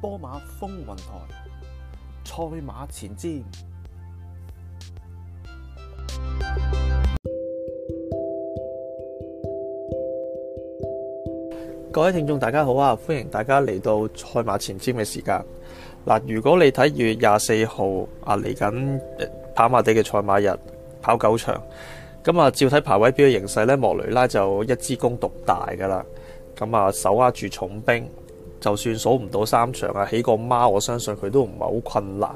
波馬風雲台賽馬前瞻，各位聽眾大家好啊，歡迎大家嚟到賽馬前瞻嘅時間。嗱，如果你睇二月廿四號啊嚟緊跑馬地嘅賽馬日，跑九場，咁啊照睇排位表嘅形勢咧，莫雷拉就一支公獨大㗎喇，咁啊手握住重兵。就算數唔到三場啊，起個孖我相信佢都唔係好困難。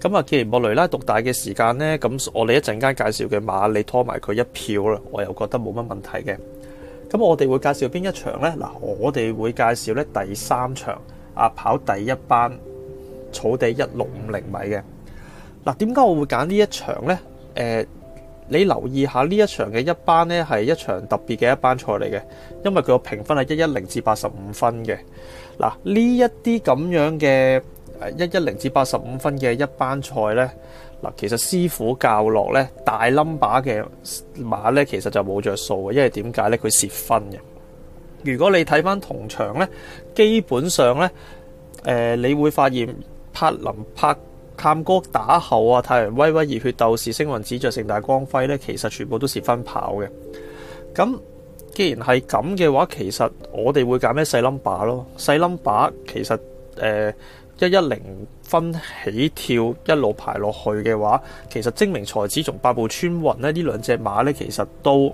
咁啊，既然莫雷拉獨大嘅時間呢，咁我哋一陣間介紹嘅馬，你拖埋佢一票啦，我又覺得冇乜問題嘅。咁我哋會介紹邊一場呢？嗱，我哋會介紹呢第三場，跑第一班草地一六五零米嘅。嗱，點解我會揀呢一場呢？誒你留意下呢一場嘅一班呢，係一場特別嘅一班賽嚟嘅，因為佢個評分係一一零至八十五分嘅。嗱，呢一啲咁樣嘅一一零至八十五分嘅一班賽呢，嗱，其實師傅教落呢大冧把嘅馬呢，其實就冇着數嘅，因為點解呢？佢蝕分嘅。如果你睇翻同場呢，基本上呢，誒、呃，你會發現柏林柏。探哥打後啊，太陽威威熱血鬥士，星雲指着盛大光輝咧，其實全部都是分跑嘅。咁既然係咁嘅話，其實我哋會揀咩細 number 咯？細 number 其實誒一一零分起跳一路排落去嘅話，其實精明才子同八步穿雲咧呢兩隻馬咧，其實都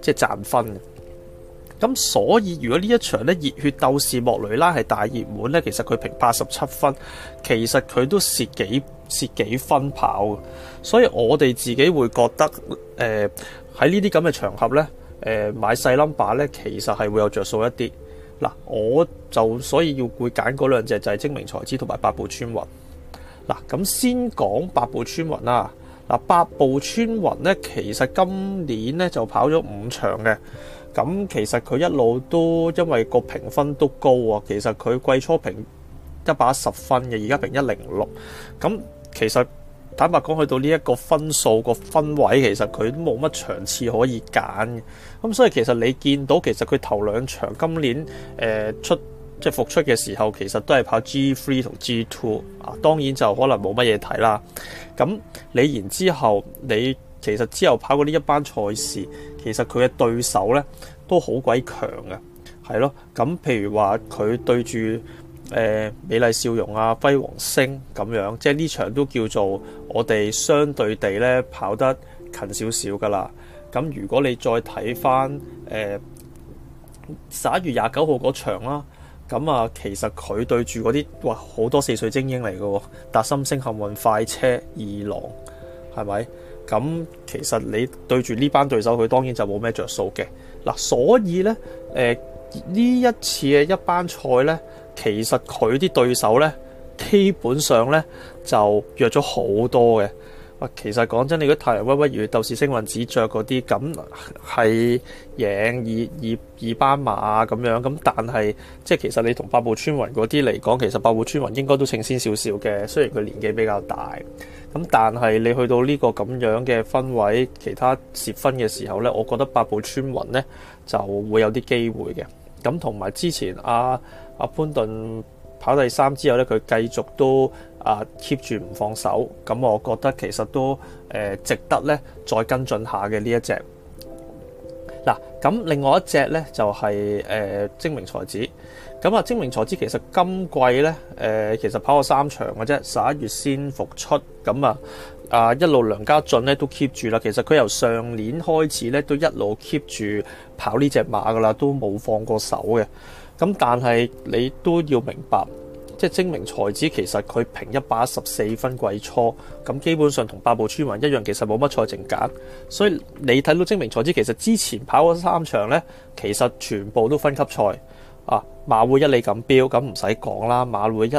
即係賺分。咁所以如果呢一場咧熱血鬥士莫雷拉係大熱門咧，其實佢評八十七分，其實佢都蝕幾蝕幾分跑。所以我哋自己會覺得，誒喺呢啲咁嘅場合咧，誒、呃、買細 number 咧，其實係會有着數一啲。嗱，我就所以要會揀嗰兩隻就係、是、精明才子同埋八步穿雲。嗱，咁先講八步穿雲啦。嗱，八步穿雲咧，其實今年咧就跑咗五場嘅。咁其實佢一路都因為個評分都高啊，其實佢季初評一百一十分嘅，而家評一零六。咁其實坦白講，去到呢一個分數、這個分位，其實佢都冇乜場次可以揀。咁所以其實你見到其實佢頭兩場今年誒、呃、出即係復出嘅時候，其實都係跑 G3 同 G2 啊，當然就可能冇乜嘢睇啦。咁你然之後你。其實之後跑過呢一班賽事，其實佢嘅對手呢都好鬼強嘅，係咯、哦。咁譬如話佢對住誒、呃、美麗笑容啊、輝煌星咁樣，即係呢場都叫做我哋相對地呢跑得近少少噶啦。咁如果你再睇返誒十一月廿九號嗰場啦，咁啊，其實佢對住嗰啲哇好多四歲精英嚟嘅達心星、幸運快車、二郎，係咪？咁其實你對住呢班對手，佢當然就冇咩着數嘅。嗱，所以呢、呃、呢一次嘅一班賽呢，其實佢啲對手呢，基本上呢就弱咗好多嘅。其實講真，你如果太陽威威如鬥士星雲子，指着嗰啲咁係贏二二二班馬咁樣，咁但係即係其實你同八步村雲嗰啲嚟講，其實八步村雲應該都稱先少少嘅，雖然佢年紀比較大，咁但係你去到呢個咁樣嘅分位，其他涉分嘅時候呢，我覺得八步村雲呢就會有啲機會嘅。咁同埋之前阿、啊、阿、啊、潘頓跑第三之後呢，佢繼續都。啊，keep 住唔放手，咁我覺得其實都誒、呃、值得咧再跟進下嘅呢一隻。嗱，咁另外一隻咧就係、是、誒、呃、精明才子，咁啊精明才子其實今季咧誒、呃、其實跑咗三場嘅啫，十一月先復出，咁啊啊一路梁家俊咧都 keep 住啦，其實佢由上年開始咧都一路 keep 住跑呢隻馬㗎啦，都冇放過手嘅。咁但係你都要明白。即係精明才子，其實佢評一百一十四分季初，咁基本上同八部村民一樣，其實冇乜賽程揀。所以你睇到精明才子其實之前跑嗰三場呢，其實全部都分級賽啊！馬會一哩錦標咁唔使講啦，馬會一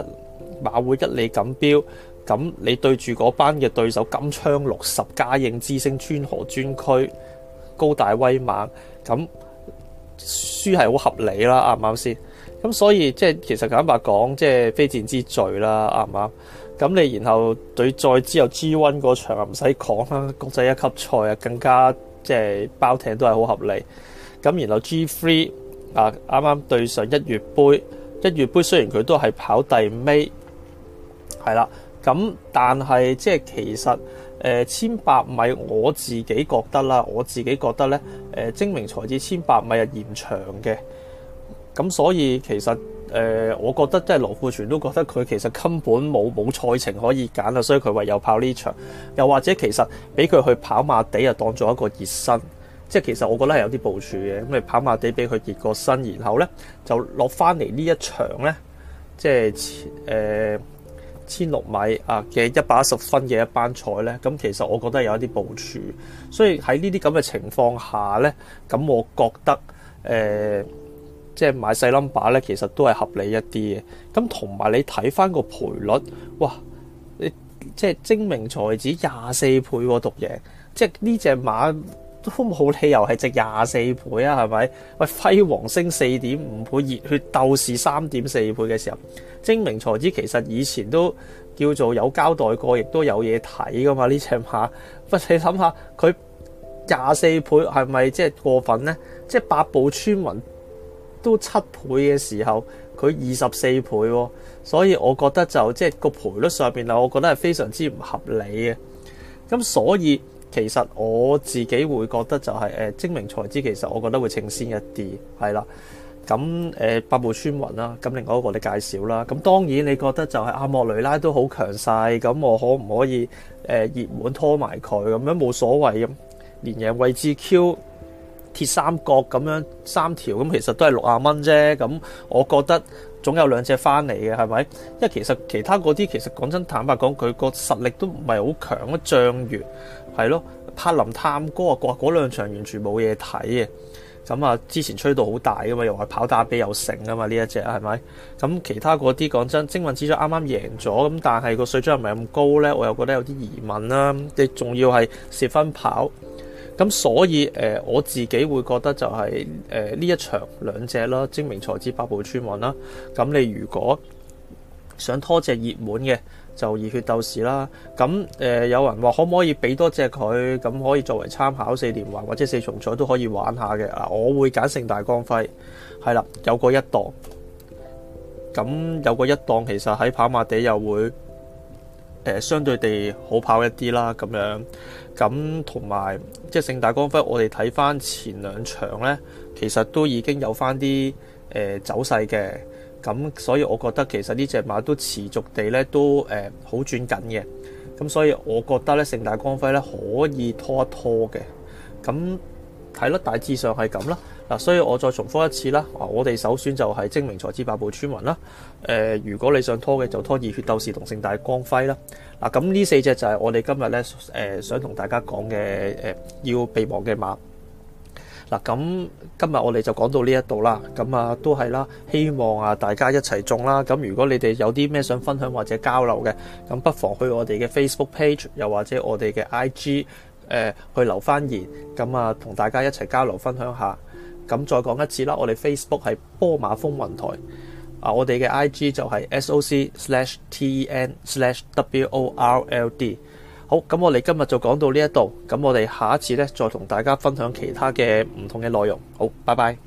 馬會一哩錦標咁，咁你對住嗰班嘅對手金槍六十、嘉應之星、川河專區、高大威猛，咁輸係好合理啦，啱唔啱先？咁所以即係其實簡白講，即係非戰之罪啦，啱唔啱？咁你然後對再之後 G1 嗰場啊，唔使講啦，國際一級賽啊，更加即係包艇都係好合理。咁然後 G3 啊，啱啱對上一月杯，一月杯雖然佢都係跑第尾，係啦。咁但係即係其實千八、呃、米我自己覺得啦，我自己覺得咧誒、呃、精明才智千八米係嫌長嘅。咁所以其實誒、呃，我覺得即係羅富全都覺得佢其實根本冇冇賽程可以揀啦，所以佢話又跑呢場，又或者其實俾佢去跑馬地又當做一個熱身，即係其實我覺得係有啲部署嘅。咁你跑馬地俾佢熱個身，然後咧就落翻嚟呢一場咧，即係誒千六米啊嘅一百一十分嘅一班賽咧，咁其實我覺得係有一啲部署。所以喺呢啲咁嘅情況下咧，咁我覺得誒、呃即係買細冧把 m 咧，其實都係合理一啲嘅。咁同埋你睇翻個賠率，哇！你即係精明才子廿四倍喎，獨贏即係呢隻馬都冇理由係值廿四倍啊，係咪？喂、啊，輝煌升四點五倍，熱血鬥士三點四倍嘅時候，精明才子其實以前都叫做有交代過，亦都有嘢睇噶嘛。呢隻馬，喂，你諗下佢廿四倍係咪即係過分咧？即係八步村民。都七倍嘅時候，佢二十四倍喎，哦，所以我覺得就即係、就是、個賠率上面，啊，我覺得係非常之唔合理嘅。咁所以其實我自己會覺得就係、是、誒精明財資其實我覺得會清先一啲，係啦。咁誒百步穿雲啦，咁另外一個我哋介紹啦。咁當然你覺得就係、是、阿莫雷拉都好強勢，咁我可唔可以誒熱門拖埋佢咁樣冇所謂咁連贏位置 Q。撇三角咁樣三條咁，其實都係六十蚊啫。咁我覺得總有兩隻翻嚟嘅，係咪？因為其實其他嗰啲其實講真坦白講，佢個實力都唔係好強啊。漲完係咯，柏林探哥啊，嗰嗰兩場完全冇嘢睇嘅。咁啊，之前吹到好大噶嘛，又話跑打比又成啊嘛，呢一隻係咪？咁其他嗰啲講真，精運指數啱啱贏咗，咁但係個水準又唔係咁高咧，我又覺得有啲疑問啦。你仲要係蝕分跑。咁所以誒、呃，我自己會覺得就係誒呢一場兩隻啦，精明財子百步穿雲啦。咁你如果想拖隻熱門嘅，就熱血鬥士啦。咁誒、呃、有人話可唔可以俾多隻佢？咁可以作為參考四年，四連環或者四重彩都可以玩下嘅。啊，我會揀盛大光輝，係啦，有個一檔，咁有個一檔，其實喺跑馬地又會。誒相對地好跑一啲啦，咁樣咁同埋即係聖大光輝，我哋睇翻前兩場咧，其實都已經有翻啲、呃、走勢嘅，咁所以我覺得其實呢隻馬都持續地咧都好轉緊嘅，咁、呃、所以我覺得咧聖大光輝咧可以拖一拖嘅，咁睇落大致上係咁啦。嗱，所以我再重複一次啦。我哋首選就係精明財智百部村民啦、呃。如果你想拖嘅就拖《二血鬥士》同《聖大光輝》啦、呃。嗱，咁呢四隻就係我哋今日咧想同大家講嘅、呃、要備忘嘅馬。嗱、呃，咁今日我哋就講到呢一度啦。咁、呃、啊，都係啦，希望啊大家一齊中啦。咁、呃、如果你哋有啲咩想分享或者交流嘅，咁、呃、不妨去我哋嘅 Facebook page 又或者我哋嘅 I G、呃、去留翻言，咁啊同大家一齊交流分享下。咁再講一次啦，我哋 Facebook 係波馬風雲台啊，我哋嘅 I G 就係 S O C slash T E N slash W O R L D。好，咁我哋今日就講到呢一度，咁我哋下一次咧再同大家分享其他嘅唔同嘅內容。好，拜拜。